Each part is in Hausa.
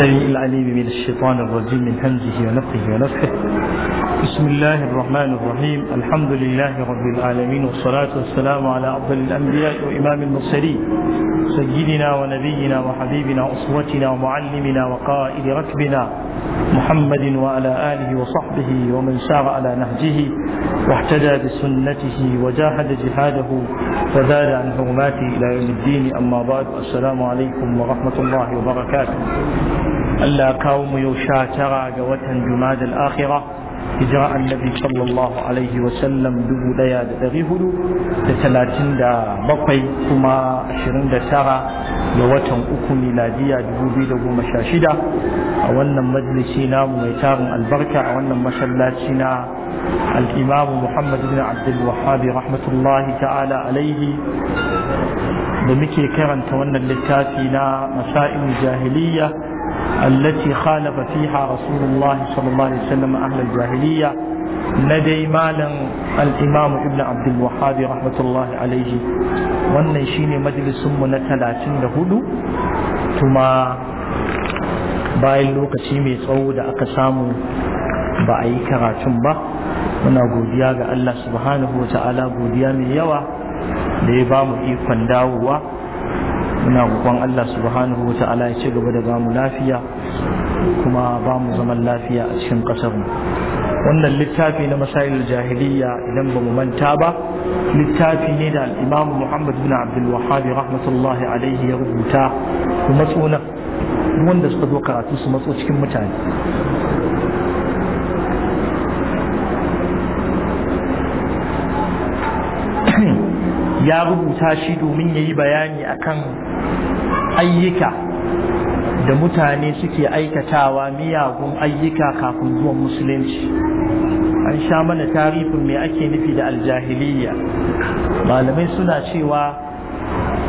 السميع العليم من الشيطان الرجيم من همزه ونفخه ونفخه بسم الله الرحمن الرحيم الحمد لله رب العالمين والصلاة والسلام على أفضل الأنبياء وإمام المرسلين سيدنا ونبينا وحبيبنا وأسوتنا ومعلمنا وقائد ركبنا محمد وعلى آله وصحبه ومن سار على نهجه واحتدى بسنته وجاهد جهاده فزاد عن حرماته إلى يوم الدين أما بعد السلام عليكم ورحمة الله وبركاته ألا كوم يشاترى جوة جماد الآخرة hijira annabi sallallahu alaihi wasallam dubu daya da dari hudu da talatin da bakwai kuma ashirin da tara ga watan uku miladiya dubu biyu da goma sha shida a wannan majalisi namu mai tarin albarka a wannan masallaci na الإمام محمد بن عبد الوهاب ta'ala alaihi da muke karanta wannan littafi na masa'in jahiliya التي خالف فيها رسول الله صلى الله عليه وسلم أهل الجاهلية لدي مالا الإمام ابن عبد الوهاب رحمة الله عليه wannan shine majalisunmu na talatin da hudu tuma bayan lokaci mai tsawo da aka samu ba a yi karatun ba muna godiya ga Allah subhanahu wa ta'ala godiya mai yawa da ya ba mu ikon dawowa muna roƙon Allah subhanahu wa ta'ala ya ci gaba da bamu lafiya kuma bamu zaman lafiya a cikin ƙasar wannan littafi na masail jahiliya idan ba mu manta ba littafi ne da al-Imam Muhammad bin Abdul Wahhab rahmatullahi alaihi ya rubuta kuma tsona wanda suka zo karatu su matso cikin mutane ya rubuta shi domin ya yi bayani akan ayyuka da mutane suke aikatawa miyagun ayyuka kafin zuwan musulunci an sha mana tarihin mai ake nufi da aljahiliya malamai suna cewa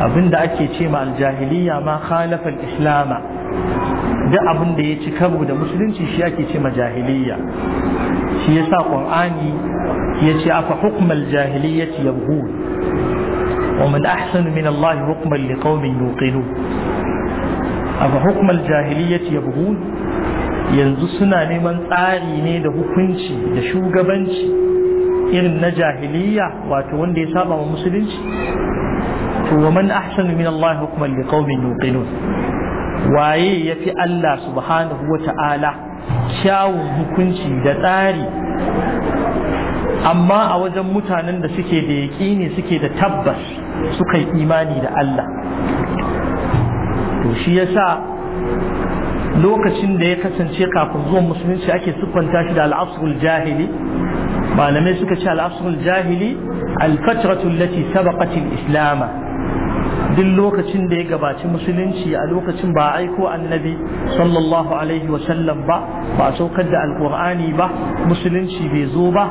abinda ake ce ma aljahiliya ma khalafa islama da abin da ya ci karo da musulunci shi ake ce ma jahiliya shi ya sa ƙwan'ani ya ce afa hukmal jahiliyyati yabghun ومن أحسن من الله حكما لقوم يوقنون أفا حكم الجاهلية يبغون yanzu suna neman tsari ne da hukunci da shugabanci irin na jahiliya wato wanda ya saba wa musulunci to wa man ahsanu min Allah hukman liqaumin yuqinun waye yafi Allah subhanahu wa ta'ala kyawun hukunci da tsari amma a wajen mutanen da suke da yaƙini suke da tabbas suka yi imani da Allah to shi sa lokacin da ya kasance kafin zuwan musulunci ake siffanta shi da al'asrul jahili malamai suka ce al'asrul jahili alfatratul fatratu allati sabaqat duk lokacin da ya gabaci musulunci a lokacin ba aiko annabi sallallahu alaihi wa sallam ba ba saukar da alqur'ani ba musulunci bai zo ba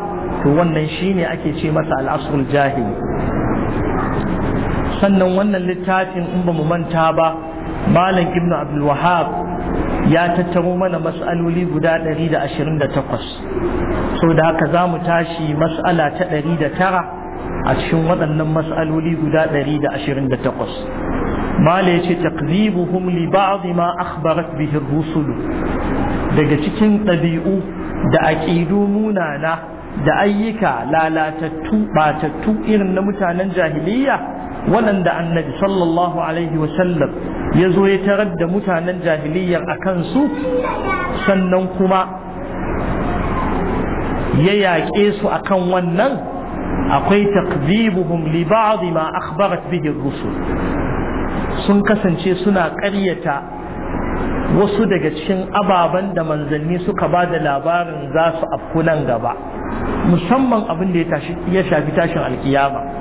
to wannan shine ake ce masa al'asrul jahili sannan wannan littafin in ba mu manta ba malam ibn abdul wahab ya tattaro mana mas'aloli guda 128 so da haka za mu tashi mas'ala ta 109 a cikin waɗannan mas'aloli guda 128 mala ya ce takzibuhum li ba'd ma akhbarat bihi rusul daga cikin ɗabi'u da aƙidu munana da ayyuka lalatattu batattu irin na mutanen jahiliya waɗanda annabi sallallahu alaihi wasallam ya zo ya tarar da mutanen jahiliyar a kansu sannan kuma ya yaƙe su a kan wannan akwai takzibuhum li ba'd ma akhbarat bihi rusul sun kasance suna ƙaryata wasu daga cikin ababen da manzanni suka ba da labarin za su afku nan gaba musamman abin da ya shafi tashin alkiyama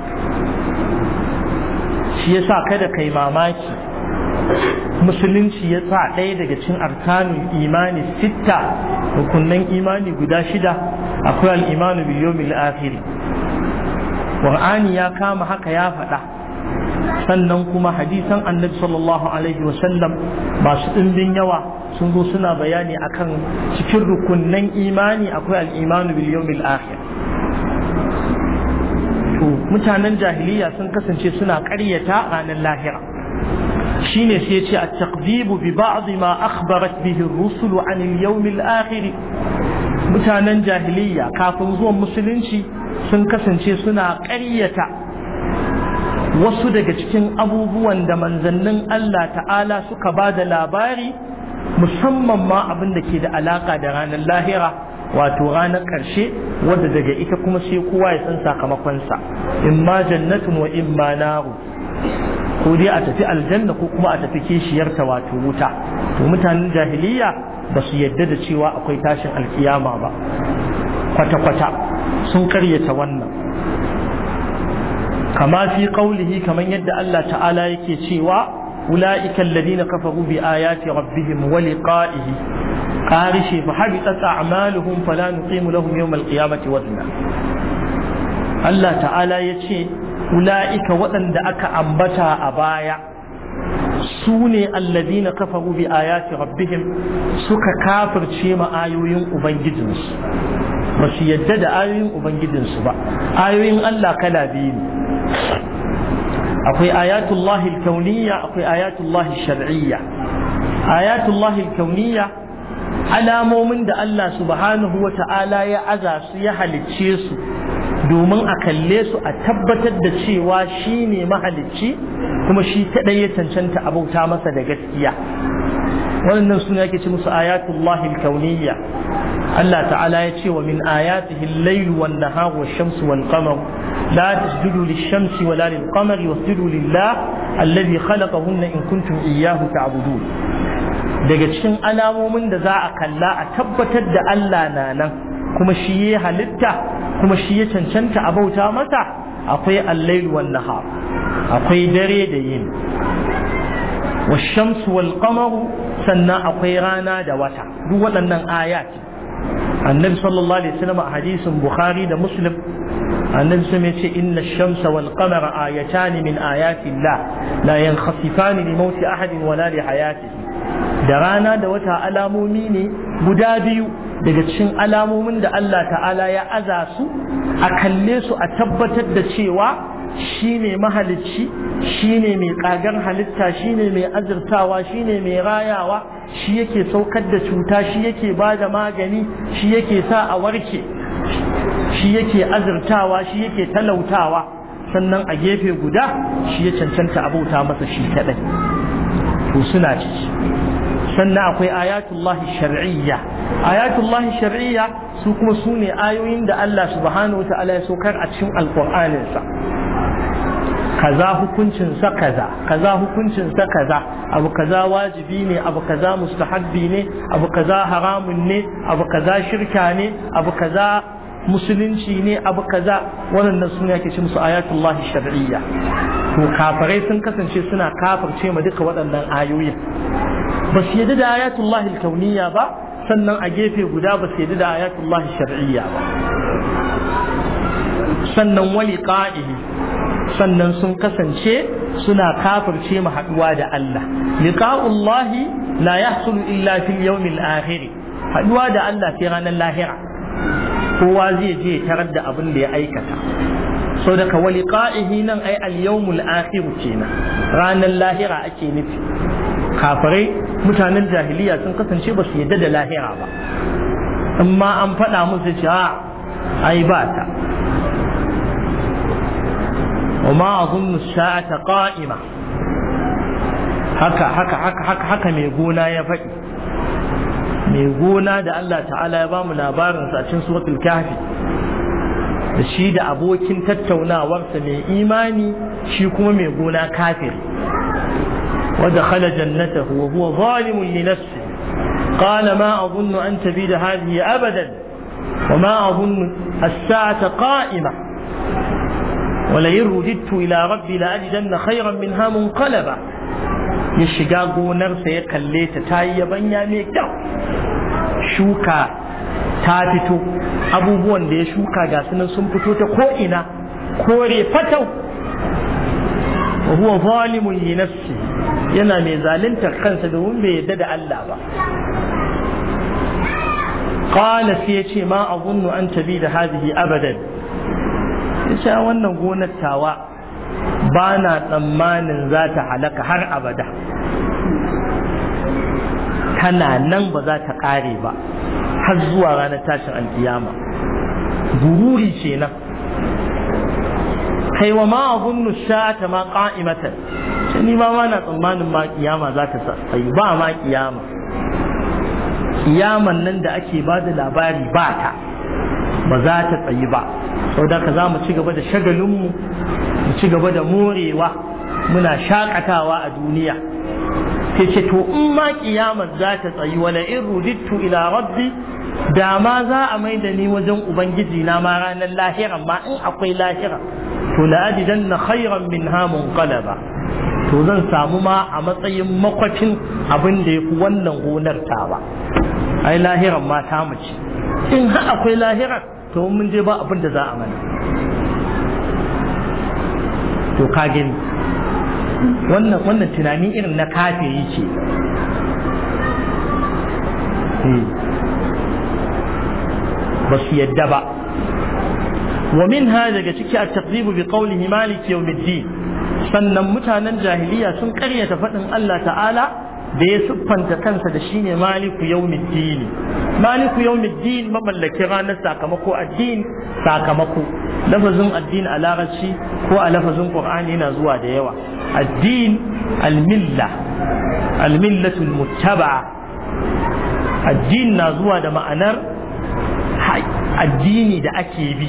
shi yasa kada kai mamaki musulunci ya sa ɗaya daga cin arkanun imani sitta rukunan imani guda shida akwai al'imanu biyo mil'afiri ƙur'ani ya kama haka ya faɗa sannan kuma hadisan annabi sallallahu alaihi wasallam masu ɗimbin yawa sun zo suna bayani akan cikin rukunnan imani akwai al'imanu biyo mil'afiri mutanen jahiliya sun kasance suna ƙaryata ranar lahira shine sai ce a taqdibu bi ba'd ma akhbarat bihi rusulu an al akhir mutanen jahiliya kafin zuwan musulunci sun kasance suna ƙaryata wasu daga cikin abubuwan da manzannin Allah ta'ala suka ba da labari musamman ma abin da ke da alaka da ranar lahira wato ranar ƙarshe wadda daga ita kuma sai kowa ya san sakamakonsa in ma jannatun wa in ma naru ko dai a tafi aljanna ko kuma a tafi kishiyarta wato wuta to mutanen jahiliya ba su yadda da cewa akwai tashin alkiyama ba kwata-kwata sun karyata wannan kama fi qaulihi kaman yadda Allah ta'ala yake cewa ula'ika kafa kafaru bi ayati rabbihim wa liqa'ihi ƙarishe fa habitat a'maluhum fala nuqimu lahum yawm al-qiyamati wazna Allah ta'ala yace ula'ika waɗanda aka ambata a baya su ne allazina kafaru bi ayati rabbihim suka kafirce ma ayoyin ubangijinsu ba su yadda da ayoyin ubangijinsu ba ayoyin Allah kala biyu ne akwai ayatullahi alkauniyya akwai ayatullahi shar'iyya ayatullahi alkauniyya alamomin da Allah subhanahu wa ta'ala ya aza su ya halicce su domin a kalle su a tabbatar da cewa shi ne mahalicci kuma shi kaɗai ya cancanta abauta masa da gaskiya waɗannan suna yake ce musu ayatullahi kauniyya Allah ta'ala ya ce wa min ayatihi al-layl wan nahar wash shams wal qamar la tasjudu lish-shamsi wa la lil-qamari wasjudu lillah alladhi khalaqahunna in kuntum iyyahu ta'budun daga cikin alamomin da za a kalla a tabbatar da Allah na nan kuma shi ya halitta kuma shi ya cancanta a bauta masa akwai allailu wan nahar akwai dare da yin wa shamsu wal qamaru sannan akwai rana da wata duk waɗannan ayat annabi sallallahu alaihi wasallam a hadisin bukhari da muslim annabi sun ce inna shamsa wal qamara ayatan min ayati la la yanqasifani li ahadin wa la da rana da wata alamomi ne guda biyu daga cikin alamomin da Allah ta'ala ya aza su a kalle su a tabbatar da cewa shi ne mahalicci shi ne mai ƙagar halitta shi ne mai azurtawa shi ne mai rayawa shi yake saukar da cuta shi yake ba da magani shi yake sa a warke shi yake azurtawa shi yake talautawa sannan a gefe guda shi ya cancanta abota masa shi kaɗai to suna ciki sannan akwai ayatullahi shar'iyya ayatullahi shar'iyya su kuma su ne ayoyin da Allah subhanahu wa ta'ala ya saukar a cikin alƙur'aninsa kaza hukuncin sa kaza kaza hukuncin sa kaza abu kaza wajibi ne abu kaza mustahabbi ne abu kaza haramun ne abu kaza shirka ne abu kaza musulunci ne abu kaza wannan sune ake ce musu ayatullahi shar'iyya to kafirai sun kasance suna kafirce ma duka waɗannan ayoyin ba su yadda da ayatullahi kauniyya ba sannan a gefe guda ba su yadda da ayatullahi shar'iyya ba sannan wali qa'ihi sannan sun kasance suna kafirce ma haɗuwa da Allah liqa'ullahi la yahsulu illa fil yawmil akhir haɗuwa da Allah sai ranar lahira kowa zai je tarar da abin da ya aikata so daga wali ka'ihi nan ai al-yawmul kenan ranar lahira ake nufi kafirai mutanen jahiliya sun kasance ba su yadda da lahira ba amma an faɗa musu cewa ah, ai ba ta amma أظن الساعة قائمة haka haka haka haka haka mai gona ya faɗi mai gona da Allah ta'ala ya ba mu labarin sa cikin suratul kahfi da shi da abokin tattaunawarsa mai imani shi kuma mai gona kafiri wadda khala jannatahu wa huwa zalimun li nafsi qala ma adhunnu an tabida hadhihi abadan wa ma adhunnu as-sa'ata qa'ima wa la ولئن ila rabbi la ajidanna khayran minha munqalaba ya shiga gonarsa ya kalle ta ta yi yabanya mai kyau shuka ta fito abubuwan da ya shuka ga sunan sun fito ta ko'ina kore fatau huwa zalimun li nafsi yana mai zaluntar kansa domin bai yarda da Allah ba qala sai ce ma azunnu an tabi da hadihi abadan ya sha wannan gonar tawa ba na tsammanin za ta halaka har abada tana nan ba za ta ƙare ba har zuwa ranar tashin alkiyama gururi ce nan kai wa ma gunnu sha'ata ma qa'imatan shi ni ma na tsammanin ma kiyama za ta tsayi ba ma kiyama kiyaman nan da ake ba da labari ba ta ba za ta tsayi ba saboda ka za mu ci gaba da shagalinmu ci gaba da morewa muna shakatawa a duniya Ke ce to in ma kiyamar za ta tsayi wala in rudittu ila rabbi da ma za a mai da ni wajen ubangiji na ma ranar lahira ma in akwai lahira to la ajidan na khairan min hamun qalaba to zan samu ma a matsayin makwacin abin da yafi wannan gonar ba. ai lahiran ma ta mace in ha' akwai lahira to mun je ba abin da za a mana to wannan wannan tunani irin na kafe yake hmm. ba su yadda ba wa min ha daga ciki a taqdibu bi qawlihi malik yawmiddin sannan mutanen jahiliya sun karyata faɗin Allah ta'ala da ya siffanta kansa da shine maliku yawmiddin maliku yawmiddin mamallakin ranar sakamako addin sakamako lafazin addini a larabci ko a lafazin qur'ani yana zuwa da yawa addin almilla almillatul muttaba addin na zuwa da ma'anar addini da ake bi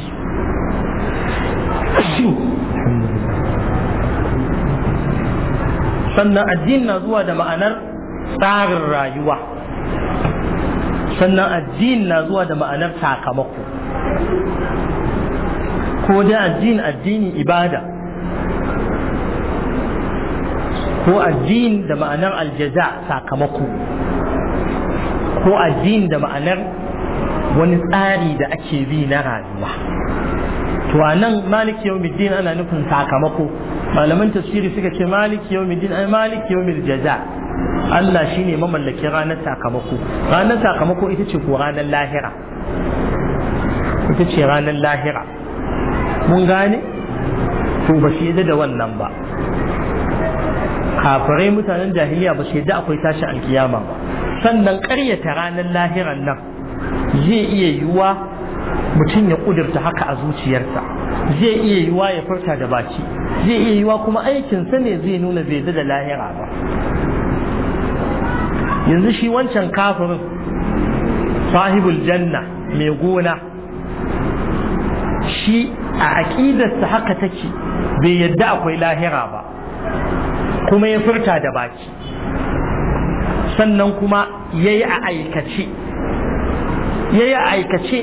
sannan addini na zuwa da ma'anar tsarin rayuwa sannan addini na zuwa da ma'anar sakamako ko dai addini addini ibada ko addini da ma'anar aljaza sakamako ko addini da ma'anar wani tsari da ake bi na rayuwa to a nan maliki yau ana nufin sakamako malaman tafsiri suka ce maliki yau ai maliki yau jaza Allah shi ne mamallakin ranar sakamako ranar sakamako ita ce ko ranar lahira ita ce ranar lahira mun gane to ba shi yadda da wannan ba kafirai mutanen jahiliya ba shi yadda akwai tashi alkiyama ba sannan karyata ranar lahiran nan zai iya yiwuwa mutum ya ƙudurta haka a zuciyarsa zai iya yiwuwa ya furta da baki zai iya yiwuwa kuma aikinsa ne zai nuna bai da lahira ba yanzu shi wancan kafirin sahibul janna mai gona shi a aƙidarsa haka take bai yadda akwai lahira ba kuma ya furta da baki sannan kuma ya yi a aikace ya yi a aikace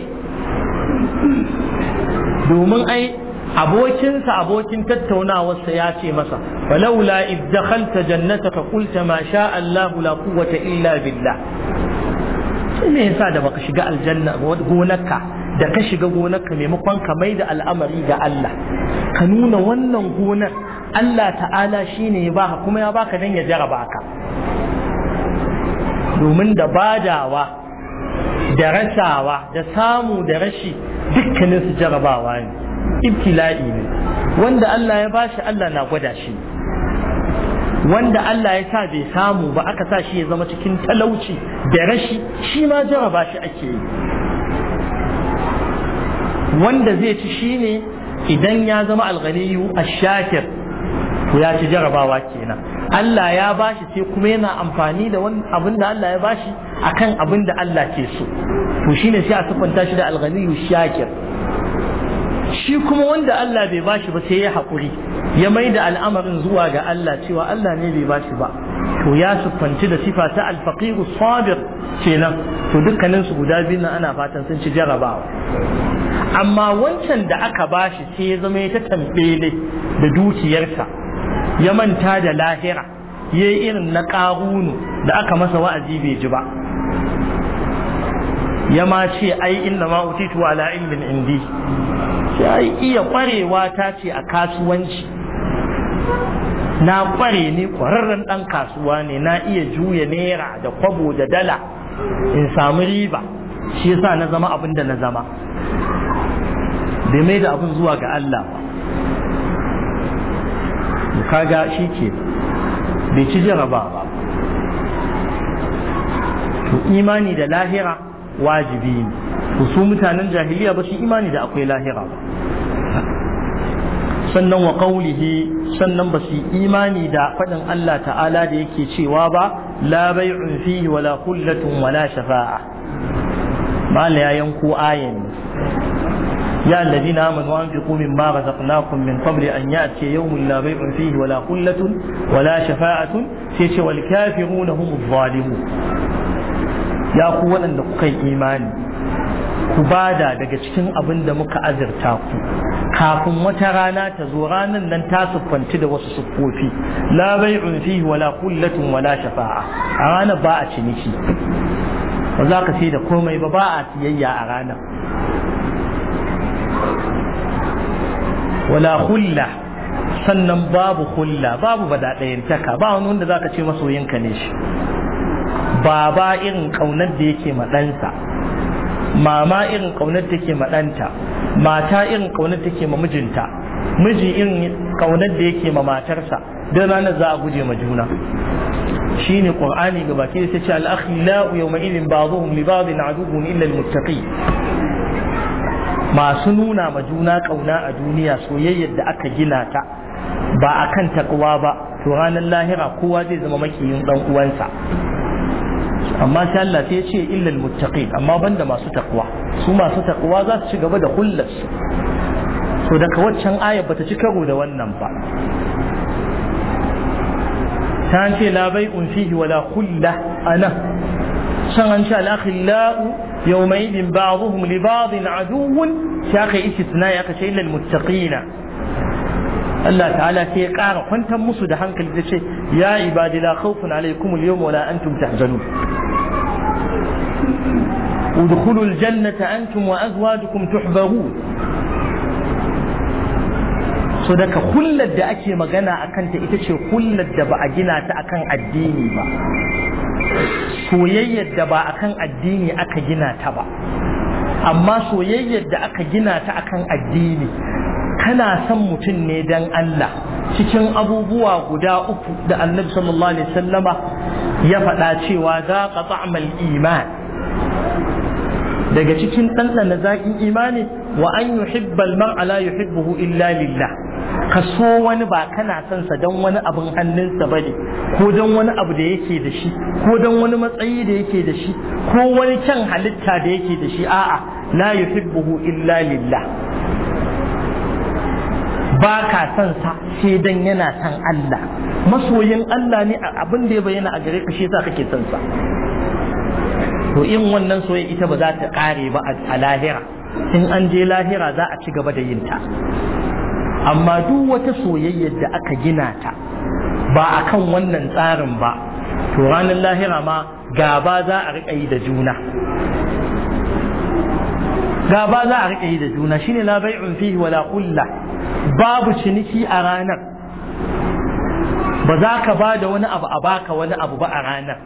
domin ai abokinsa abokin tattaunawarsa ya ce masa walaula id jannata ka kulta ma sha Allah la quwwata illa billah sai me yasa da baka shiga aljanna gonarka da ka shiga gonarka maimakon ka mai da al'amari ga Allah ka nuna wannan gonar Allah ta'ala shine ya baka kuma ya baka dan ya jaraba ka domin da badawa da rasawa da samu da rashi dukkanin su jarabawa ne ibtila'i ne wanda Allah ya bashi Allah na gwada shi wanda Allah ya sa bai samu ba aka sa shi ya zama cikin talauci da rashi shi ma jaraba shi ake yi wanda zai ci shi ne idan ya zama alghaniyu ashakir to ya ci jarabawa kenan Allah ya bashi sai kuma yana amfani da abin da Allah ya bashi akan abin da Allah ke so to shine sai a sufanta shi da alghaniyu shakir shi kuma wanda Allah bai bashi ba sai ya haƙuri ya mai da al'amarin zuwa ga Allah cewa Allah ne bai bashi ba to ya siffanci da sifa ta alfaqiru sabir kenan to dukkanin su guda biyu ana fatan sun ci jarabawa amma wancan da aka bashi sai ya zama ya ta tambele da dukiyarsa ya manta da lahira ya yi irin na ƙarunu da aka masa wa'azi bai ji ba ya ma ce ai inna ma utitu ala ilmin indi sai iya kwarewa ta ce a kasuwanci na kware ne kwararren ɗan kasuwa ne na iya juya naira da kwabo da dala in samu riba shi yasa na zama abin da na zama bai mai da abin zuwa ga Allah ba kaga shi ke bai ci jaraba ba to imani da lahira wajibi ne to su mutanen jahiliya ba su imani da akwai lahira ba sannan wa qawlihi sannan ba su imani da faɗin Allah ta'ala da yake cewa ba la bai'un fihi wala kullatun wala shafa'a ba la yanku ayin يا الذين آمنوا أنفقوا مما رزقناكم من قبل أن يأتي يوم لا بيع فيه ولا قلة ولا شفاعة سيش والكافرون هم الظالمون يا قوة أن imani. ku bada daga cikin abin da muka azurta ku kafin wata rana ta zo ranar nan ta siffanci da wasu siffofi la bai'un fihi wala kullatun wala shafa'a a ranar ba a ciniki ba za ka sai da komai ba ba a siyayya a ranar wala hulla sannan babu hulla babu ɗayantaka. ba wani wanda za ka ce masoyinka ne shi ba ba irin ƙaunar da yake ma ɗansa mama irin kaunar take ma ɗanta mata irin kaunar take ma mijinta miji irin kaunar da yake ma matarsa don ranar za a guje ma juna Shi ne ƙwar'ani ga baki sai ce la'u yau ma'ilin ilin ba'dhum li ba'din aduwwun ni illal muttaqi masu nuna ma juna ƙauna a duniya soyayyar da aka gina ta ba a akan takwa ba to ranar lahira kowa zai zama makiyin dan uwansa amma sai Allah ta ce illal muttaqin amma banda masu takwa su masu takwa za su ci gaba da hullas so daga waccan ayat ta ci karo da wannan ba ta ce bai bai'un fihi wala khulla ana san an sha la khilla yawma idin ba'dhum li ba'dhin aduwwun sha kai istina ya kace illal muttaqin Allah ta'ala sai ya kara kwantar musu da hankali da ce ya ibadila khawfun alaykum al-yawma wala antum tahzanun udkhulul jannata antum wa azwajukum so daga hullar da ake magana a kanta ita ce hullar da ba a gina ta akan addini ba soyayyar da ba akan addini aka gina ta ba amma soyayyar da aka gina ta akan addini kana son mutum ne dan Allah cikin abubuwa guda uku da annabi sallallahu alaihi wasallama ya faɗa cewa za ka ta'amal iman daga cikin ɗanɗana zaƙin imani wa an yuhibba al-mar'a la yuhibbuhu illa lillah ka so wani ba kana son sa dan wani abin hannunsa bane ko dan wani abu da yake da shi ko dan wani matsayi da yake da shi ko wani kyan halitta da yake da shi a'a la yuhibbuhu illa lillah ba ka son sa sai dan yana son Allah masoyin Allah ne abin da ya bayyana a gare ka shi yasa kake son to in wannan soyayya ita ba za ta kare ba a lahira in an je lahira za a ci gaba da yin ta amma duk wata soyayyar da aka gina ta ba kan wannan tsarin ba to ranar lahira ma gaba za a riƙa yi da juna gaba za a riƙa yi da juna shine la bai'un fihi wala babu ciniki a ranar ba za ka ba da wani abu a baka wani abu ba a ranar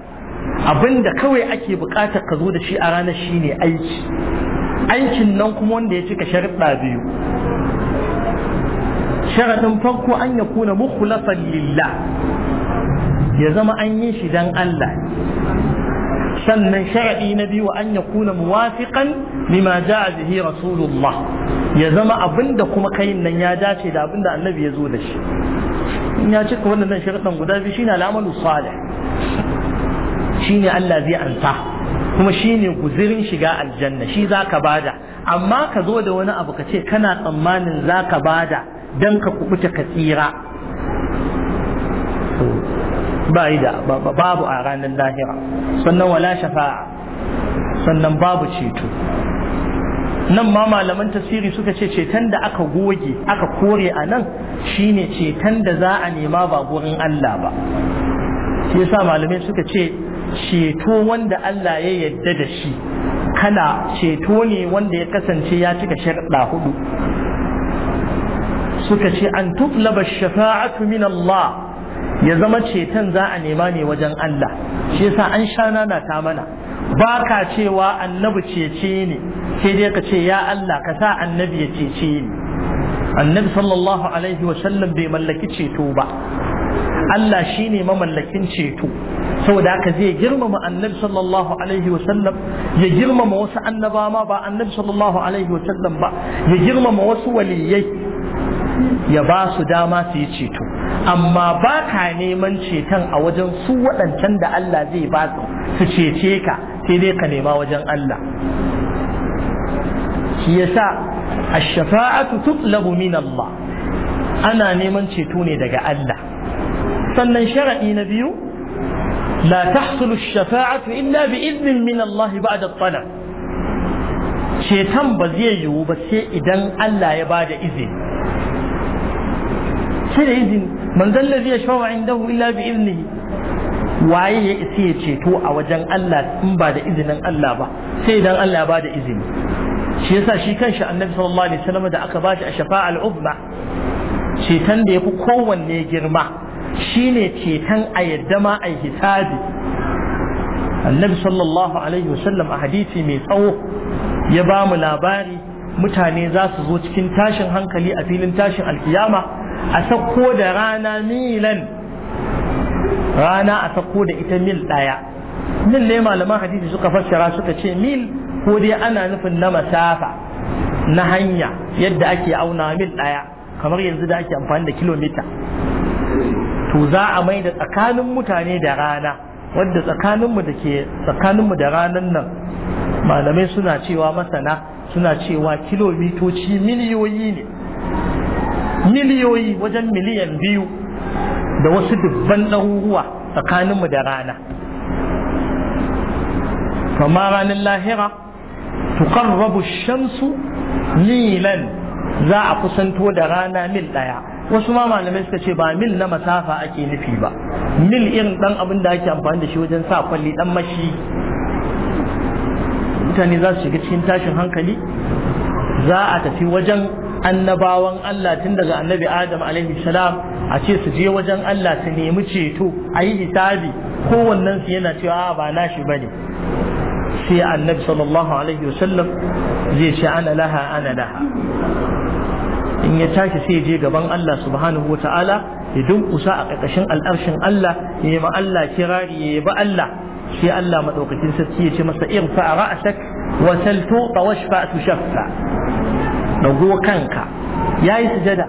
abinda kawai ake bukatar ka zo da shi a ranar shine aiki aikin nan kuma wanda ya cika sharuɗa biyu sharaɗin farko an ya kuna mukhlasan lillah ya zama an yi shi don Allah sannan sharaɗi na biyu an ya kuna muwafiqan lima ja'a bihi rasulullah ya zama abinda kuma kayin nan ya dace da abinda annabi ya zo da shi in ya cika wannan sharuɗan guda biyu shine al'amalu salih shine Allah zai ansa kuma shine guzirin shiga aljanna shi zaka bada amma ka zo da wani abu ka ce kana tsammanin zaka bada dan ka kubuta ka tsira ba da babu a ranar lahira sannan wala shafa'a sannan babu ceto nan ma malaman tasiri suka ce ceton da aka goge aka kore a nan shine ceton da za a nema ba gurin Allah ba shi yasa malamai suka ce ceto wanda Allah ya yadda da shi kana ceto ne wanda ya kasance ya cika sharɗa hudu suka ce an tutlaba shafa'atu min Allah ya zama ceton za a nema ne wajen Allah shi yasa an sha na ta mana ba ka cewa annabi cece ne sai dai ka ce ya Allah ka sa annabi ya cece ni annabi sallallahu alaihi wa sallam bai mallaki ceto ba Allah shi ne mamallakin ceto saboda haka zai girmama annabi sallallahu alaihi wa sallam ya girmama wasu annaba ma ba annabi sallallahu alaihi wa sallam ba ya girmama wasu waliyai ya ba su dama su yi ceto amma ba ka neman ceton a wajen su waɗancan da Allah zai ba su su cece ka sai dai ka nema wajen Allah shi yasa ash-shafa'atu tutlabu min Allah ana neman ceto ne daga Allah sannan shara'i na biyu la tahsulu shafa'atu illa bi idnin min Allah ba'da talab Shetan ba zai yiwu ba sai idan Allah ya bada izini sai da izini man zan lazi ya shafa indahu illa bi iznihi waye ya isi ya ceto a wajen Allah in ba da izinin Allah ba sai idan Allah ya bada izini shi yasa shi kanshi annabi sallallahu alaihi wasallam da aka bashi a al uzma Shetan da ya fi kowanne girma shine ceton a yadda ma a hisabi annabi sallallahu alaihi wasallam a hadisi mai tsawo ya ba mu labari mutane za su zo cikin tashin hankali a filin tashin alkiyama a sako da rana milan rana a sako da ita mil ɗaya mil ne malaman hadisi suka fassara suka ce mil ko dai ana nufin na masafa na hanya yadda ake auna mil ɗaya kamar yanzu da ake amfani da kilomita to za a mai da tsakanin mutane da rana wadda tsakaninmu da ke tsakaninmu da ranar nan malamai suna cewa masana suna cewa kilomitoci miliyoyi ne miliyoyi wajen miliyan biyu da wasu dubban ɗaruruwa tsakaninmu da rana kama ranar lahira tuqarrabu shamsu milan za a kusanto da rana mil ɗaya wasu ma malamai suka ce ba mil na masafa ake nufi ba mil irin dan abin da ake amfani da shi wajen sa kwalli dan mashi mutane za su shiga cikin tashin hankali za a tafi wajen annabawan Allah tun daga annabi Adam alaihi salam a ce su je wajen Allah su nemi ceto a yi hisabi kowannen su yana cewa ba na shi ne, sai annabi sallallahu alaihi wasallam zai ce ana laha ana laha in ya tashi sai je gaban Allah subhanahu wa ta'ala ya dunkusa a ƙarƙashin al'arshin Allah ya yi ma Allah kirari ya yi Allah sai Allah maɗaukakin sarki ya ce masa irfa a ra'asak wa salto a washfa tu dago kanka ya yi sujada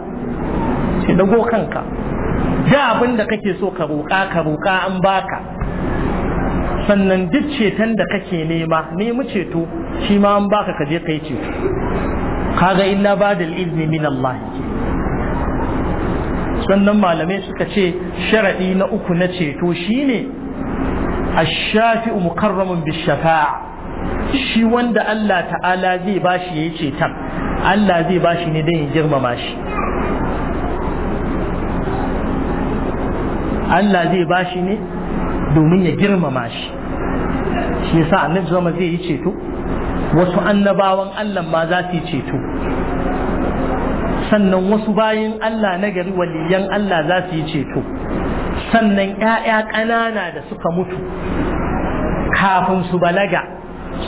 sai dago kanka da abin da kake so ka roƙa ka roƙa an baka sannan duk ceton da kake nema nemi ceto shi ma an baka ka je kai ceto kaga illa ba da izini min Allah sannan malamai suka ce sharaɗi na uku na ceto shine ash-shafi'u mukarramun bi-shafa'a shi wanda Allah ta'ala zai bashi yayi cetan Allah zai bashi ne dan ya girmama shi Allah zai bashi ne domin ya girmama shi shi yasa annabi zama zai yi ceto wasu annabawan Allah ma za su ceto sannan wasu bayin Allah na gari waliyan Allah za su yi ceto sannan ‘ya'ya ƙanana da suka mutu kafin su balaga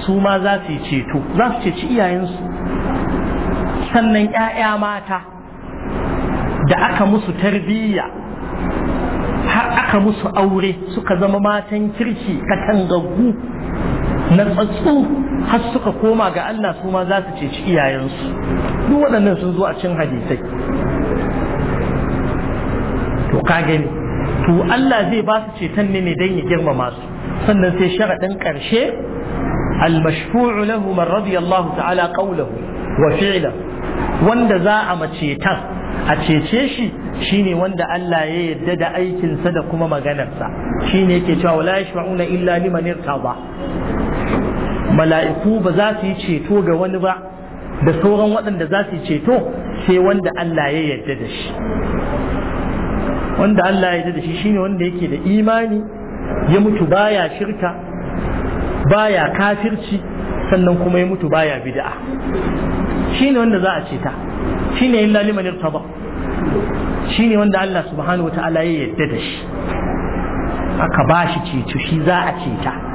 su ma za su yi ceto za su ceci iyayensu sannan ‘ya'ya mata da aka musu tarbiyya har aka musu aure suka zama matan kirki katangaggu na tsatsu har suka koma ga Allah su ma za su ceci iyayensu duk waɗannan sun zo a cin hadisai to ka gani to Allah zai ba su ceton ne ne don ya girmama su sannan sai sharaɗin ƙarshe almashfu'u lahu man radiyallahu ta'ala qawluhu wa وفعله wanda za a mace ta, a cece shi shine wanda Allah ya yarda da aikinsa da kuma maganarsa shine yake cewa la yashfa'una illa liman irtada mala'iku ba za su yi ceto ga wani ba da sauran waɗanda za su yi ceto sai wanda Allah ya yarda da shi wanda Allah ya yarda da shi shine wanda yake da imani ya mutu baya shirka baya kafirci sannan kuma ya mutu baya bid'a shine wanda za a ceta shine illa liman irtaba shine wanda Allah subhanahu wataala ya yarda da shi aka bashi ceto shi za a ceta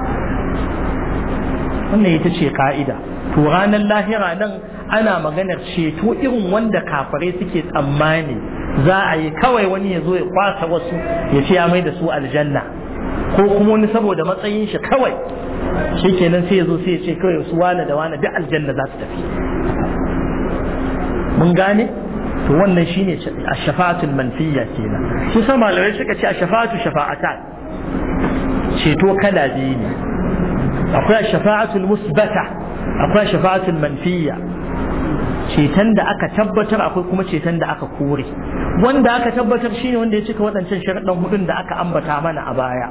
wannan ita ce ka'ida to ranar lahira nan ana maganar ceto irin wanda kafirai suke tsammani za a yi kawai wani ya zo ya kwasa wasu ya ce ya mai da su aljanna ko kuma wani saboda matsayin shi kawai shi kenan sai ya zo sai ya ce kawai su wane da wane duk aljanna za su tafi mun gane to wannan shine ashafa'atul manfiya kenan shi sa malamai suka ce ashafa'atu shafa'atan ceto kala biyu ne akwai shafa'atul musbata akwai shafa'atul manfiya ceton da aka tabbatar akwai kuma ceton da aka kore wanda aka tabbatar shine wanda ya cika waɗancan sharaɗin hudun da aka ambata mana a baya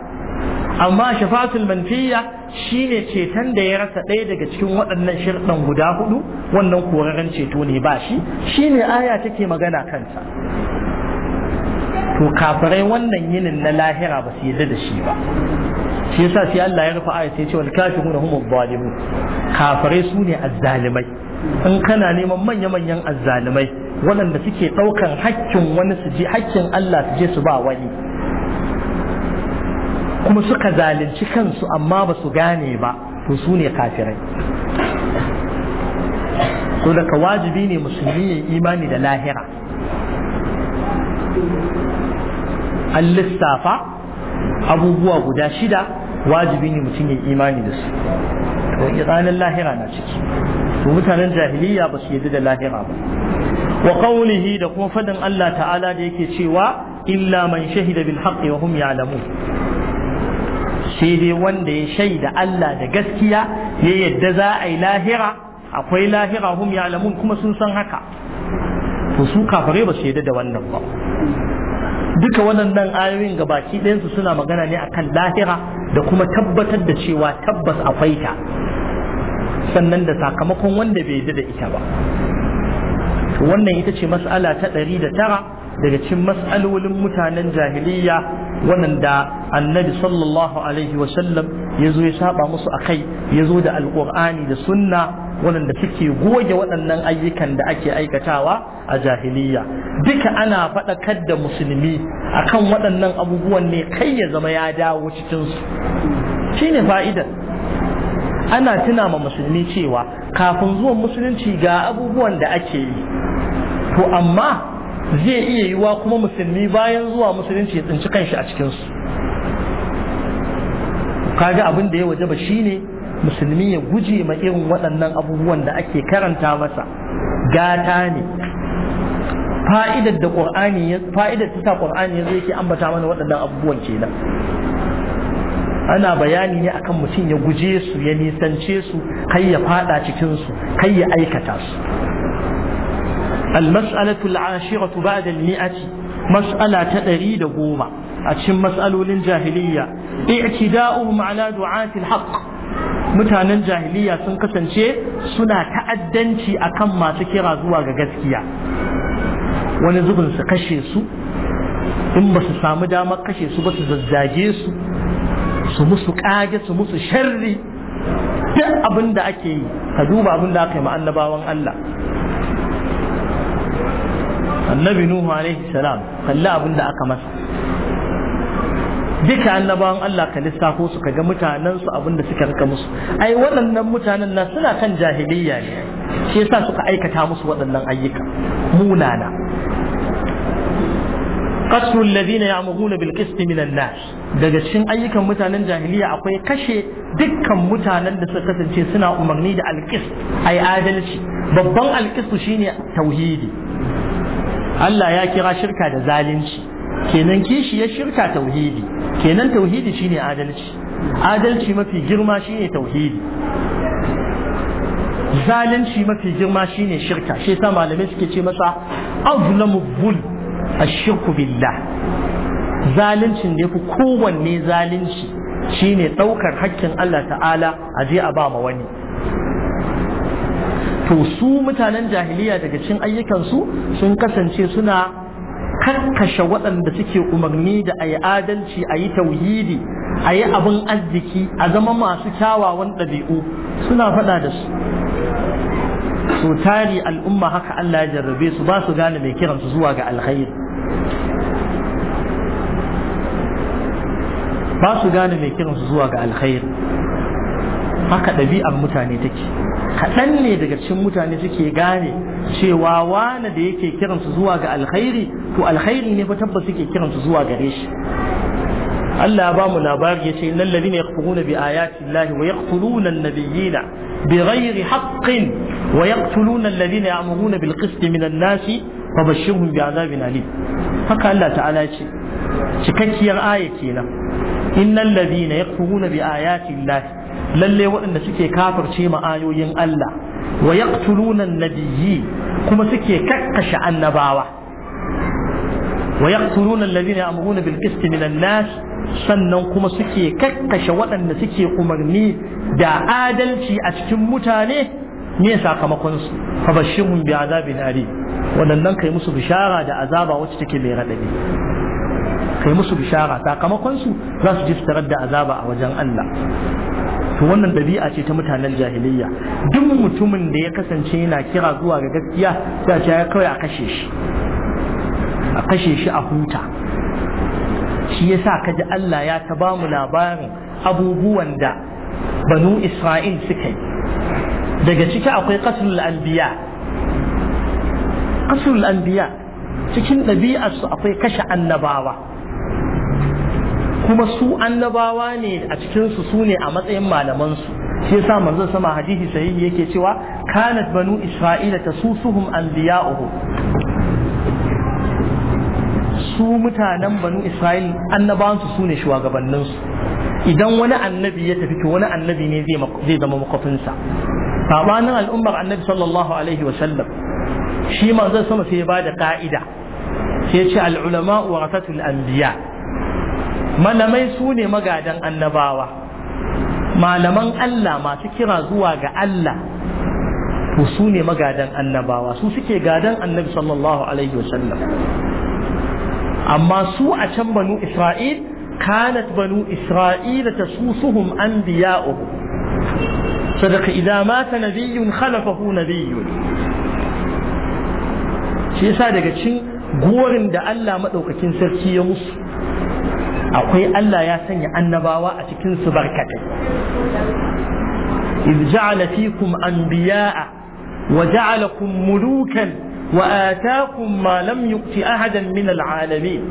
amma shafa'atul manfiya shine ceton da ya rasa ɗaya daga cikin waɗannan sharaɗin guda hudu wannan koraren ceto ne ba shi shine aya take magana kansa to kafirai wannan yinin na lahira ba su yarda da shi ba shi yasa sai Allah ya rufe aya sai ce wal kafiruna adh-dhalimun kafirai su ne azzalimai in kana neman manya manyan azzalimai waɗanda suke ɗaukar haƙƙin wani su je Allah su je su ba wani kuma suka zalunci kansu amma ba su gane ba to su ne kafirai so daga wajibi ne musulmi ya imani da lahira an lissafa abubuwa guda shida wajibi ne mutum ya imani da su to ranar lahira na ciki to mutanen jahiliya ba su yadda da lahira ba wa qawlihi da kuma fadin Allah ta'ala da yake cewa illa man shahida bil haqqi wa hum ya'lamun sai dai wanda ya shaida Allah da gaskiya ya yadda za a yi lahira akwai lahira hum ya'lamun kuma sun san haka to su kafare ba su yadda da wannan ba duka waɗannan ayoyin ga baki ɗayansu suna magana ne akan lahira da kuma tabbatar da cewa tabbas akwai ta sannan da sakamakon wanda bai yi da ita ba wannan ita ce mas'ala ta ɗari da tara daga cikin mas'alolin mutanen jahiliya waɗanda annabi sallallahu alaihi wasallam ya zo ya saba musu a kai ya zo da alƙur'ani da sunna waɗanda suke goge waɗannan ayyukan da ake aikatawa a jahiliya duka ana faɗakar da musulmi akan waɗannan abubuwan ne kai ya zama ya dawo cikinsu shine fa'idar ana tuna ma musulmi cewa kafin zuwan musulunci ga abubuwan da ake yi to amma zai iya yiwa kuma musulmi bayan zuwa musulunci ya tsinci kanshi a cikinsu kaga abin da ya wajaba shine musulmi ya guje ma irin waɗannan abubuwan da ake karanta masa gata ne fa'idar da qur'ani ya fa'idar ta qur'ani yanzu yake ambata mana waɗannan abubuwan kenan ana bayani ne akan mutum ya guje su ya nisance su kai ya fada cikin su kai ya aikata su ba'da al-mi'ati mas'ala ta 110 a cikin mas'alolin jahiliyya جاهلية اعتداؤهم du'ati al-haqq mutanen jahiliya sun kasance suna ta'addanci akan masu kira zuwa ga gaskiya wani zubin su kashe su in ba su samu damar kashe su ba su zazzage su su musu kage su musu sharri duk abin da ake yi ka duba abin da aka yi annabawan Allah annabi Nuhu alaihi salam kalli abin da aka masa duka annabawan Allah ka lissafo su ga mutanen su da suka rika musu ai waɗannan mutanen na suna kan jahiliyya ne shi yasa suka aikata musu waɗannan ayyuka munana قتل الذين يعمهون بالقسط من الناس daga cikin ayyukan mutanen jahiliya akwai kashe dukkan mutanen da suka kasance suna umarni da alkis ai adalci babban alkisu shine tauhidi Allah ya kira shirka da zalunci kenan kishi ya shirka tauhidi kenan tauhidi shine adalci adalci mafi girma shine tauhidi zalunci mafi girma shine shirka shi yasa malamai suke ce masa azlamu bul ashirku billah zaluncin da yafi kowanne zalunci shine daukar hakkin Allah ta'ala a je a ba ma wani to su mutanen jahiliya daga cikin ayyukansu sun kasance suna Karkashe waɗanda suke umarni da a yi adalci a yi tauhidi a yi abin arziki a zama masu kyawawan ɗabi'u suna faɗa da su so tari al'umma haka Allah ya jarrabe su ba su gane mai kiransu zuwa ga alkhairi ba su gane mai kiransu zuwa ga alkhairi haka ɗabi'ar mutane take kaɗan ne daga cikin mutane suke gane cewa wane da yake kiransu zuwa ga alkhairi to alkhairi ne fa tabbas yake kiransu zuwa gare shi Allah ba mu labari yace innal ladina yakfuruna bi ayati llahi wa yaqtuluna an-nabiyina bighairi haqqin wa yaqtuluna alladhina ya'muruna bil qisti minan nasi bi bi'adabin alim haka Allah ta'ala yace cikakkiyar aya kenan innal ladina yakfuruna bi ayati llahi lalle waɗanda suke kafirce ma ayoyin Allah wa yaqtuluna nabiyyi kuma suke kakkashe annabawa wa yaqtuluna alladhina ya'muruna bil qisti minan nas sannan kuma suke kakkashe waɗanda suke umarni da adalci a cikin mutane ne sakamakon su fa bashirhum bi azabin ali waɗannan kai musu bishara da azaba wacce take mai radadi kai musu bishara sakamakon su za su ji su da azaba a wajen Allah to wannan dabi'a ce ta mutanen jahiliyya duk mutumin da ya kasance yana kira zuwa ga gaskiya ya ce ya kawai a kashe shi a kashe shi a huta shi yasa kaji Allah ya ta bamu labarin abubuwan da banu Isra'il suka yi daga ciki akwai qatlul anbiya qatlul anbiya cikin ɗabi'arsu akwai kashe annabawa kuma su annabawa ne a cikinsu su ne a matsayin malamansu shi yasa manzon sama hadisi sahihi yake cewa kanat banu isra'ila tasusuhum anbiya'uhu su mutanen banu isra'il annabawansu su ne shugabanninsu idan wani annabi ya tafi to wani annabi ne zai zama makwafinsa sabanin al'ummar annabi sallallahu alaihi wa sallam shi manzon sama sai ya bada ka'ida sai ya ce al'ulama warasatul anbiya' malamai su ne magadan annabawa malaman Allah masu kira zuwa ga Allah to su ne magadan annabawa su suke gadan annabi sallallahu alaihi wasallam amma su a can banu isra'il kanat banu isra'ila tasusuhum anbiya'uhum sadaka idza mata nabiyyun khalafahu nabiyyun shi yasa daga cin gorin da Allah madaukakin sarki ya musu akwai Allah ya sanya annabawa a cikin su barkatai iz ja'ala fikum anbiya'a wa ja'alakum mulukan wa atakum ma lam yu'ti ahadan min al'alamin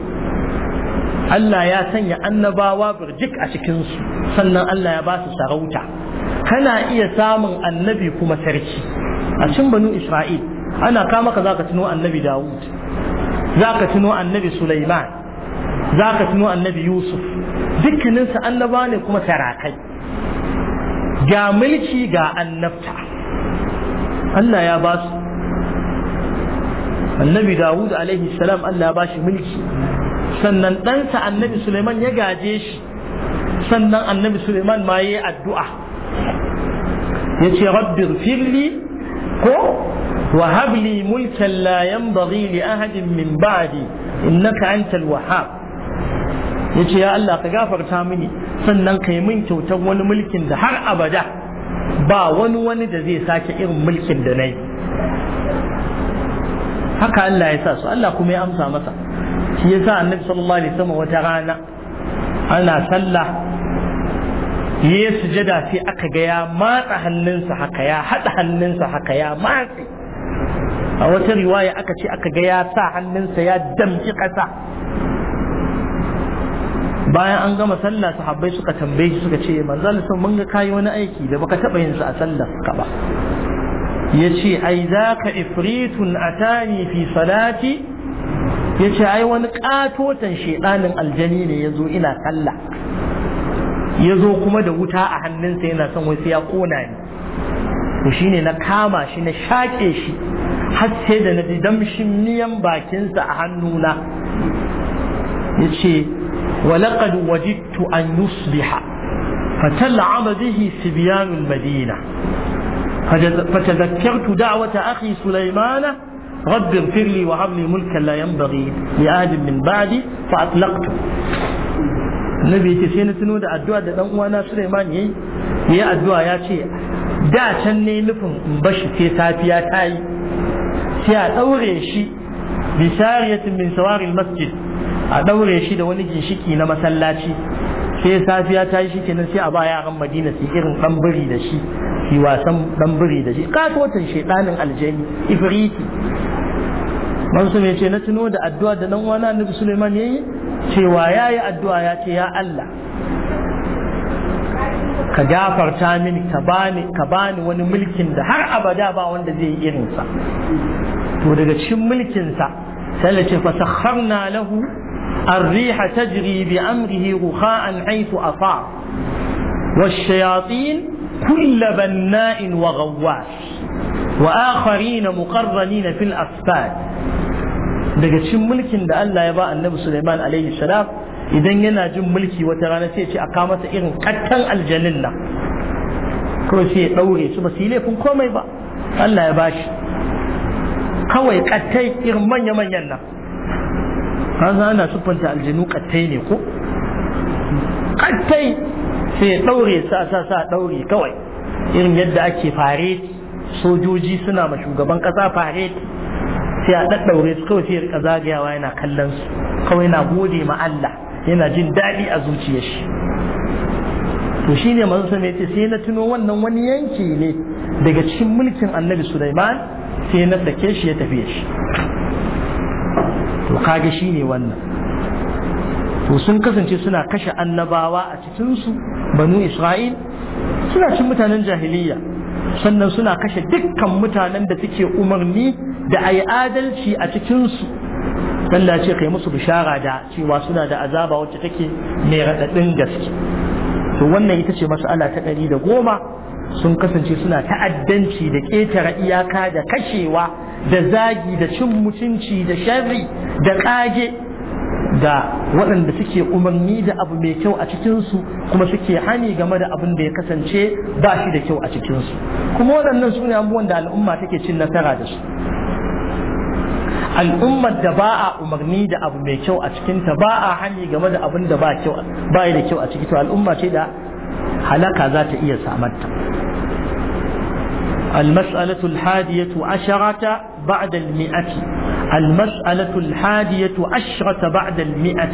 Allah ya sanya annabawa birjik a cikin su sannan Allah ya ba su sarauta kana iya samun annabi kuma sarki a cikin banu Isra'il ana kama ka zaka tuno annabi Dawud zaka tuno annabi Sulaiman za ka tuno annabi yusuf dukkaninsu annaba ne kuma sarakai ga mulki ga annabta Allah ya ba su annabi dawud alaihi salam Allah ya ba shi mulki sannan ɗansa annabi suleiman ya gaje shi sannan annabi suleiman ma ya yi addu'a ya ce rabbi firli ko wa habli mulkan la yanbaghi li ahadin min ba'di innaka antal wahhab ya ce ya Allah ka gafarta mini sannan ka yi min kyautar wani mulkin da har abada ba wani wani da zai sake irin mulkin da na yi haka Allah ya sa su Allah kuma ya amsa masa shi ya sa annabi sallallahu alaihi wasallam wata rana ana sallah ya sujada sai aka ga ya matsa hannunsa haka ya haɗa hannunsa haka ya a wata riwaya aka ce aka ga ya sa hannunsa ya damƙi ƙasa bayan an gama sallah sahabbai suka tambaye shi suka ce manzo Allah mun ga kai wani aiki da baka taba yin sa a sallah ka ba yace ai zaka ifritun atani fi salati yace ai wani katotan shedanin aljani ne yazo ina sallah yazo kuma da wuta a hannunsa yana son wai sai ya kona ni to shine na kama shi na shake shi har sai da na ji damshin miyan bakinsa a hannuna yace ولقد وجدت أن يصبح فتلعب به سبيان المدينة فتذكرت دعوة أخي سليمان رب اغفر لي وهب لي ملكا لا ينبغي لآدم من بعدي فأطلقته النبي تسين تنود أدوى دعوة وانا سليمان يي يي أدوى يا شيء دا تنني لفهم بشر في ساتي يا تاي سيا بسارية من سوار المسجد a ɗaure shi da wani ginshiki na masallaci sai safiya ta yi shi kenan sai a ba yaran madina su irin ɗan biri da shi su wasan ɗan biri da shi katotan shaidanin aljani ifriti mansu mai ce na tuno da addu'a da ɗan wani annabi suleiman ya yi cewa ya yi addu'a ya ce ya allah ka gafarta mini ka bani ka wani mulkin da har abada ba wanda zai yi irinsa to daga cikin mulkinsa sai ce na lahu الريح تجري بأمره رخاء حيث أصاب والشياطين كل بناء وغواش وآخرين مقرنين في الأصفاد daga cikin mulkin da Allah ya ba annabi Sulaiman alaihi salam idan yana jin mulki wata rana sai ce a ka masa irin kattan aljanin nan ko sai ya daure su ba su yi laifin komai ba Allah ya bashi kawai kattai irin manya-manyan nan Maza na ana siffanta aljanu kattai ne ko kattai sai daure sa sa sa daure kawai irin yadda ake fare sojoji suna ma shugaban kasa fare sai a daddaure su kawai sai rika zagayawa yana kallon su kawai na gode ma Allah yana jin daɗi a zuciyar shi to shine manzo sai yace sai na tuno wannan wani yanki ne daga cikin mulkin Annabi Sulaiman sai na sake shi ya tafi shi to kaga shine wannan to sun kasance suna kashe annabawa a cikinsu banu isra'il suna cin mutanen jahiliya sannan suna kashe dukkan mutanen da suke umarni da a yi adalci a cikinsu Allah ce kai musu bishara da cewa suna da azaba wacce take mai raɗaɗin gaske to wannan ita ce mas'ala ta ɗari da goma sun kasance suna ta'addanci da ƙetare iyaka da kashewa da zagi da cin mutunci da sharri da ƙage da waɗanda suke umarni da abu mai kyau a cikinsu kuma suke hani game da abin da ya kasance ba shi da kyau a cikinsu kuma waɗannan su ne abubuwan da al'umma take cin nasara da su al'ummar da ba a umarni da abu mai kyau a cikinta ba a hani game da abin da ba da kyau a ciki to al'umma ce da halaka za ta iya samarta المسألة الحادية عشرة بعد المئة المسألة الحادية عشرة بعد المئة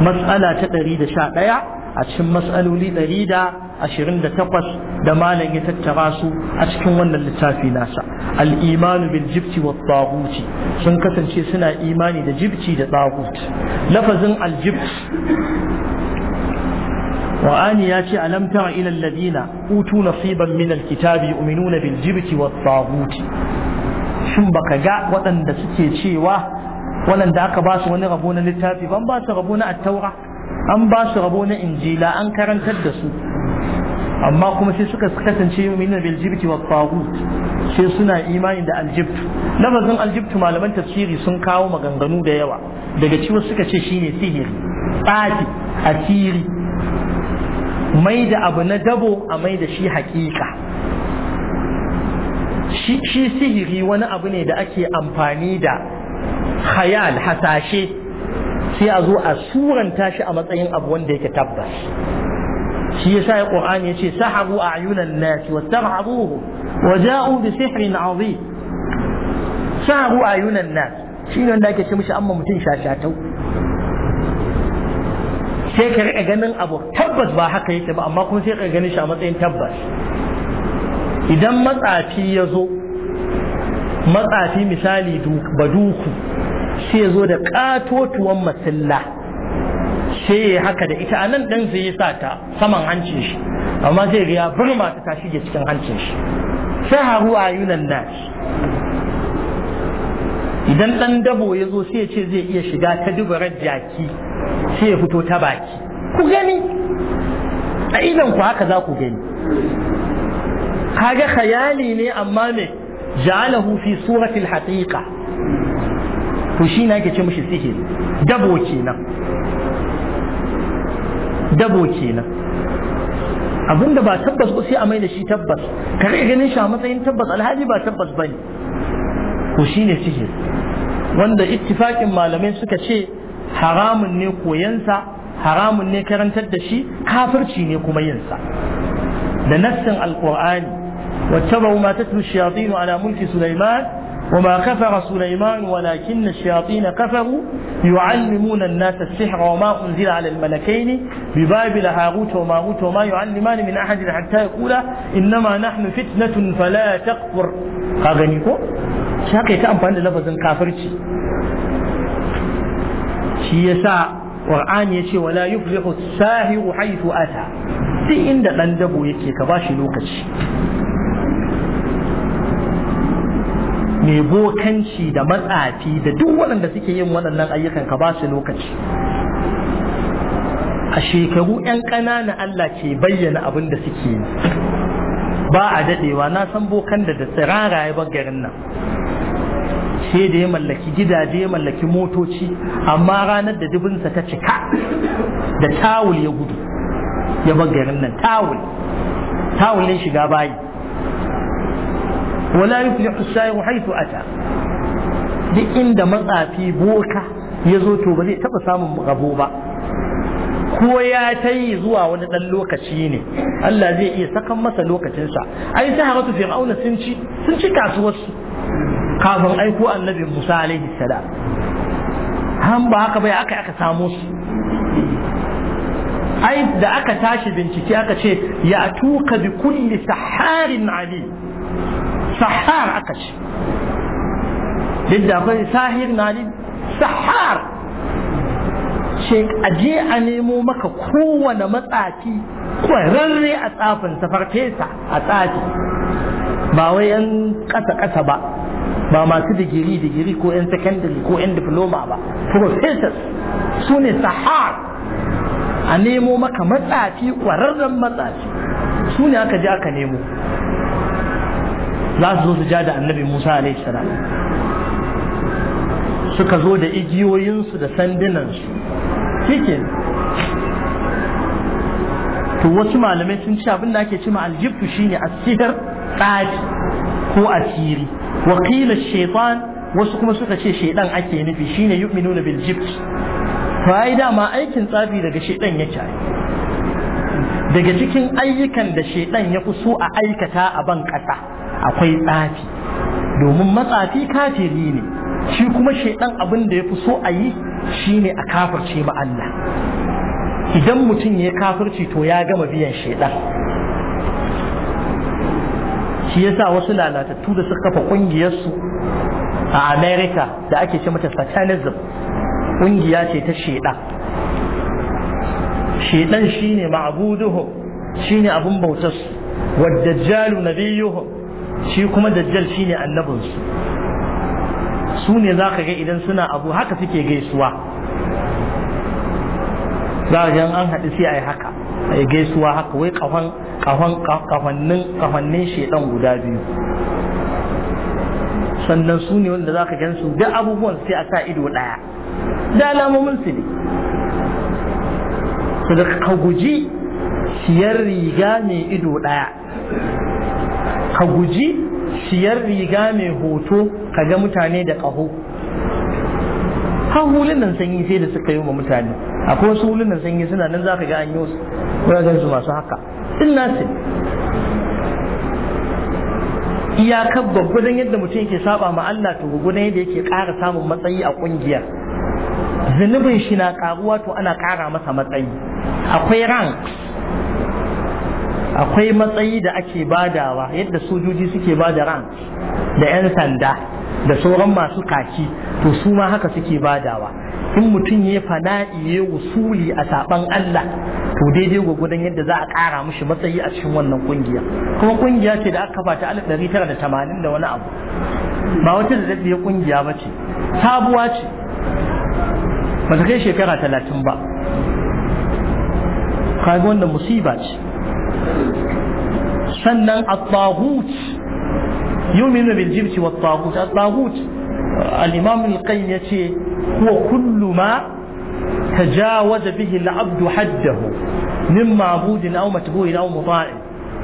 مسألة تريد شاطئة أتشم مسألة لتريد أشرين تقص دمالا يتتراس أتكون ولا لتافي ناسا الإيمان بالجبت والطاغوت سنكسن شيء سنة إيماني دا جبتي دا طاغوت لفظ الجبت qur'ani ya ce alam tara ila alladina utu nasiban min alkitabi yu'minuna bil jibti wat taghut shin baka ga waɗanda suke cewa waɗanda aka ba su wani rabo na littafi ban ba su rabo na attaura an ba su rabo na injila an karantar da su amma kuma sai suka kasance yu'minuna bil jibti wat taghut sai suna imani da Aljibtu. lafazin Aljibtu malaman tafsiri sun kawo maganganu da yawa daga ciwo suka ce shine sihiri tsafi asiri mai da abu na dabo a mai da shi hakika shi sihiri wani abu ne da ake amfani da hayal hasashe sai a zo a suranta shi a matsayin abu wanda yake tabbas shi yasa ya qur'ani yace sahabu ayunan nasi wastahabuhu waja'u bi sihrin azim sahabu ayunan nas shi ne wanda ake ce mishi amma mutum shashatau sai ka rika ganin abu tabbas ba haka yake ba amma kuma sai ka ganin shi a matsayin tabbas idan matsafi ya zo matsafi misali baduku sai ya zo da ƙatotuwan matsilla sai ya haka da ita anan ɗan zai yi sa ta saman hancin shi amma zai ga ya mata ta shige cikin hancin shi sai haru a yunan nashi idan ɗan dabo ya zo sai ya ce zai iya shiga ta dubarar jaki sai ya fito ta baki ku gani a idan ku haka za ku gani kaga khayali ne amma me ja'alahu fi surati al-haqiqa to shi ne ake ce mishi sihiri dabo kenan dabo kenan abinda ba tabbas ba sai a mai da shi tabbas ka rike ganin shi a matsayin tabbas alhali ba tabbas bane to shine sihir wanda ittifakin malamai suka ce haramun ne koyansa haramun ne karantar da shi kafirci ne kuma yinsa da nassin alqur'ani wattabau ma tatlu shayatin ala mulki sulaiman وما كفر سليمان ولكن الشياطين كفروا يعلمون الناس السحر وما أنزل على الملكين ببابل هاروت وماروت وما يعلمان من أحد حتى يقولا إنما نحن فتنة فلا تكفر أغنيكم shi haka ta amfani da lafazin kafirci shi yasa qur'ani yace wala yuflihu sahihu haythu ata duk inda dan dabo yake ka bashi lokaci mai bokanci da matsafi da duk waɗanda suke yin waɗannan ayyukan ka ba lokaci a shekaru 'yan ƙanana Allah ke bayyana abin da suke yi ba a daɗewa na san bokan da da tsirara ya garin nan sai da ya mallaki gidaje ya mallaki motoci amma ranar da dubinsa ta cika da tawul ya gudu ya bar garin nan tawul tawul ne shiga bayi wala yuflihu sayu haythu ata duk inda matsafi boka ya zo to ba zai taba samun rabo ba ko ya ta yi zuwa wani ɗan lokaci ne Allah zai iya sakan masa lokacinsa ai saharatu fir'auna sun ci sun ci kasuwarsu kafin aiko annabi Musa alaihi salam han ba haka bai aka aka samu su ai da aka tashi bincike aka ce ya tuka bi kulli saharin ali sahar aka ce duk da akwai sahir na ali sahar ce aje a nemo maka kowane matsaci kwararre a tsafin farfesa a tsafi ba wai yan kasa kasa ba ba masu digiri digiri ko yan secondary ko yan diploma ba professors su ne sahar a nemo maka matsafi kwararren matsafi su ne aka je aka nemo za su zo su ja da annabi musa alaihi salam suka zo da igiyoyinsu da sandunansu kike to wasu malamai sun ci abin da ake cima aljibtu shine asihar tsafi ko asiri wa qila shaytan wasu kuma suka ce shaydan ake nufi shine yu'minuna bil jibt to dama aikin tsafi daga shaydan daga cikin ayyukan da shaidan ya kusu a aikata a ban ƙasa akwai tsafi domin matsafi kafiri ne shi kuma shaidan abin da ya kusu a yi shine a kafirce ma Allah idan mutum ya kafirci to ya gama biyan shaidan shi yasa wasu lalatattu da suka kafa ƙungiyarsu a Amerika da ake ce mata satanism ƙungiya ce ta sheda shedan shine ma'buduhu shine abun bautar su wad dajjalu nabiyuhu shi kuma dajjal shine ne su su ne ka ga idan suna abu haka suke gaisuwa za an haɗu sai a yi haka gaisuwa haka wai kafannin shaidan guda biyu sannan su ne wanda zaka gan su da abubuwan sai a sa ido daya da alamomin su ne su da ka guji siyar riga mai ido daya ka guji siyar riga mai hoto ka ga mutane da ƙaho. har hulunan sanyi sai da suka yi wa mutane akwai wasu hulunan sanyi suna nan zaka ga an yi wasu wajen su masu haka din nasu iyakar gwaggwadon yadda mutum yake saba ma Allah to gwaggwadon yadda yake ƙara samun matsayi a ƙungiyar zunubin shi na ƙaruwa to ana ƙara masa matsayi akwai ranks. akwai matsayi da ake badawa yadda sojoji suke bada ranks, da 'yan sanda da sauran masu kaki to su ma haka suke badawa in mutum ya fana'i ya wusuli a saban Allah to daidai gwagwadon yadda za a ƙara mushi matsayi a cikin wannan kungiya kuma kungiya ce da aka kafa ta alif ɗari tara da tamanin da wani abu ba wata da daɗe kungiya ba ce sabuwa ce ba ta kai shekara talatin ba kaga wannan musiba ce sannan at-taghut yuminu bil jibti wat-taghut at-taghut al القيم يتي هو yace ما تجاوز به tajawaza bihi من معبود haddahu min ma'budin aw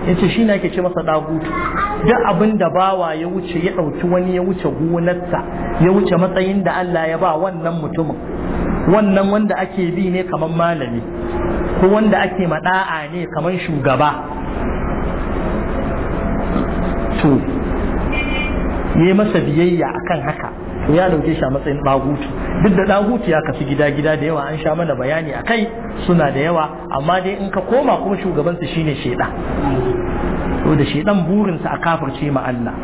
yace shi ne ake ce masa dagutu duk abin da bawa ya wuce ya ɗauki wani ya wuce gonarsa ya wuce matsayin da Allah ya ba wannan mutumin wannan wanda ake bi ne kamar malami ko wanda ake mada'a ne kaman shugaba to yi masa biyayya akan haka to ya dauke shi a matsayin dagutu duk da ɗahutu ya kasu gida gida da yawa an sha mana bayani a kai suna da yawa amma dai in ka koma kuma shugabansa shine sheda to da shaidan burinsa a kafirce ma Allah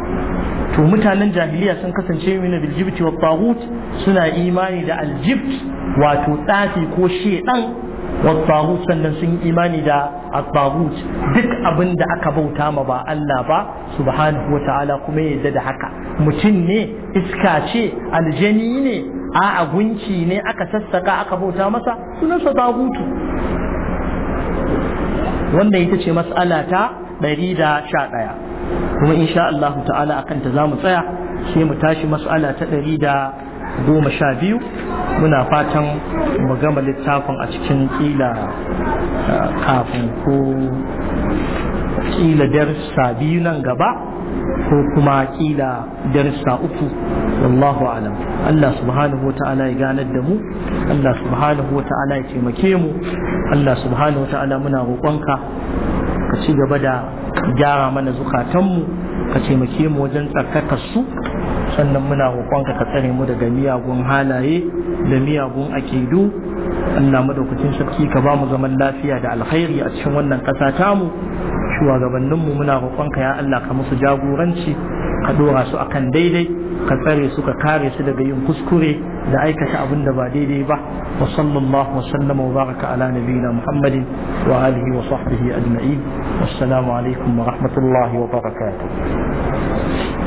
to mutanen jahiliya sun kasance min bil jibti wa suna imani da aljibt wato tsafi ko shaidan والطاغوت sannan sun yi imani da at-taghut duk abin da aka bauta ma ba Allah ba subhanahu wataala kuma yadda da haka mutum ne iska ce aljani ne a gunki ne aka sassaka aka bauta masa sunansa tagutu wannan ita ce mas'ala ta ɗari da ɗaya kuma insha Allah ta'ala akan ta zamu tsaya sai mu tashi mas'ala ta ɗari da. goma sha biyu muna fatan mu gama littafin a cikin kila eh, kafin ko kila darsa biyu nan gaba ko kuma kila darsa uku wallahu alam Allah subhanahu wata'ala ya ganar da mu Allah subhanahu wata'ala ya taimake mu Allah subhanahu wata'ala muna roƙonka ka ci gaba da gyara mana zukatanmu ka taimake mu wajen tsarkaka su sannan muna roƙonka ka tsare mu daga miyagun halaye da miyagun akidu Allah madaukakin sarki ka ba mu zaman lafiya da alkhairi a cikin wannan ƙasa tamu mu muna roƙonka ya Allah ka musu jagoranci ka dora su akan daidai ka tsare su ka kare su daga yin kuskure da aikata abin da ba daidai ba wa sallallahu wa sallama wa baraka ala nabiyina muhammadin wa alihi wa sahbihi ajma'in wassalamu alaikum wa rahmatullahi wa barakatuh